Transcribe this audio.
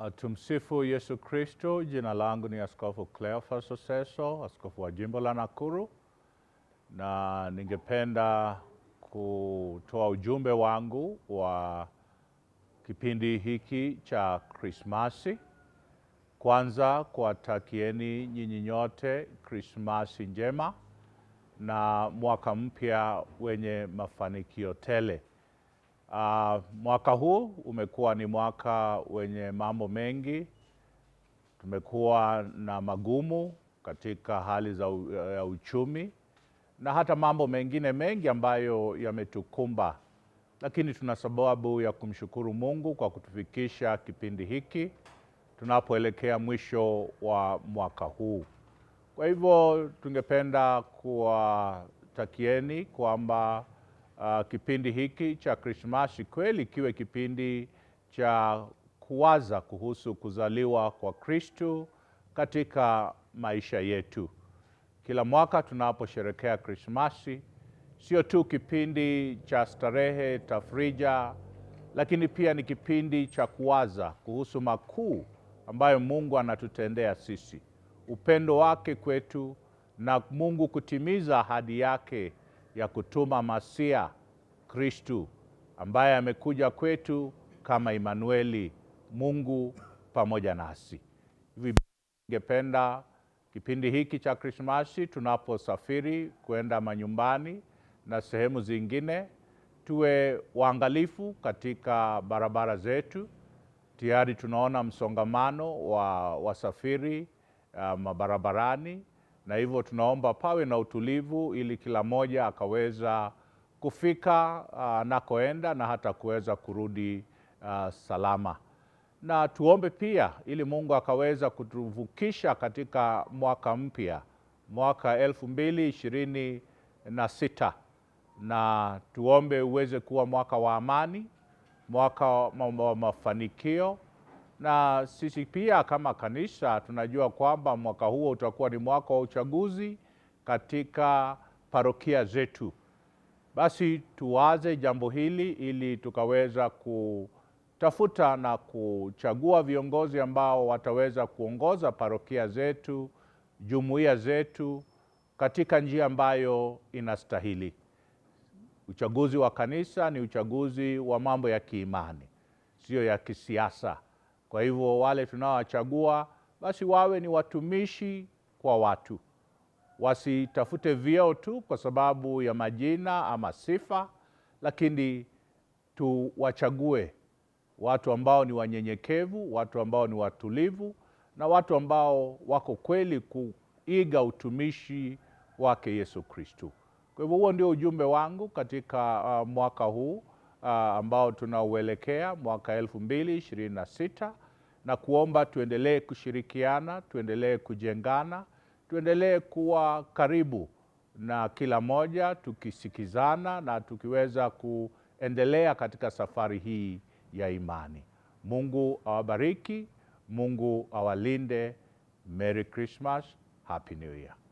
Ah, tumsifu Yesu Kristo. Jina langu ni Askofu Cleophas Oseso, askofu wa jimbo la Nakuru, na ningependa kutoa ujumbe wangu wa kipindi hiki cha Krismasi. Kwanza kuwatakieni nyinyi nyote Krismasi njema na mwaka mpya wenye mafanikio tele. Uh, mwaka huu umekuwa ni mwaka wenye mambo mengi. Tumekuwa na magumu katika hali za u, ya uchumi na hata mambo mengine mengi ambayo yametukumba, lakini tuna sababu ya kumshukuru Mungu kwa kutufikisha kipindi hiki tunapoelekea mwisho wa mwaka huu. Kwa hivyo tungependa kuwatakieni kwamba uh, kipindi hiki cha Krismasi kweli kiwe kipindi cha kuwaza kuhusu kuzaliwa kwa Kristu katika maisha yetu. Kila mwaka tunaposherekea Krismasi, sio tu kipindi cha starehe, tafrija, lakini pia ni kipindi cha kuwaza kuhusu makuu ambayo Mungu anatutendea sisi, upendo wake kwetu na Mungu kutimiza ahadi yake ya kutuma masia Kristu ambaye amekuja kwetu kama Imanueli, Mungu pamoja nasi. Hivi ningependa kipindi hiki cha Krismasi tunaposafiri kwenda manyumbani na sehemu zingine, tuwe waangalifu katika barabara zetu. Tayari tunaona msongamano wa wasafiri uh, mabarabarani um, na hivyo tunaomba pawe na utulivu ili kila mmoja akaweza kufika ah, anakoenda na hata kuweza kurudi a, ah, salama. Na tuombe pia ili Mungu akaweza kutuvukisha katika mwaka mpya, mwaka elfu mbili ishirini na sita, na tuombe uweze kuwa mwaka wa amani, mwaka wa mafanikio na sisi pia kama kanisa tunajua kwamba mwaka huo utakuwa ni mwaka wa uchaguzi katika parokia zetu. Basi tuwaze jambo hili ili tukaweza kutafuta na kuchagua viongozi ambao wataweza kuongoza parokia zetu, jumuiya zetu katika njia ambayo inastahili. Uchaguzi wa kanisa ni uchaguzi wa mambo ya kiimani, sio ya kisiasa. Kwa hivyo wale tunaowachagua basi wawe ni watumishi kwa watu, wasitafute vyeo tu kwa sababu ya majina ama sifa, lakini tuwachague watu ambao ni wanyenyekevu, watu ambao ni watulivu na watu ambao wako kweli kuiga utumishi wake Yesu Kristu. Kwa hivyo huo ndio ujumbe wangu katika uh, mwaka huu uh, ambao tunauelekea mwaka 2026 na na kuomba tuendelee kushirikiana, tuendelee kujengana, tuendelee kuwa karibu na kila moja, tukisikizana na tukiweza kuendelea katika safari hii ya imani. Mungu awabariki, Mungu awalinde. Merry Christmas, Happy New Year.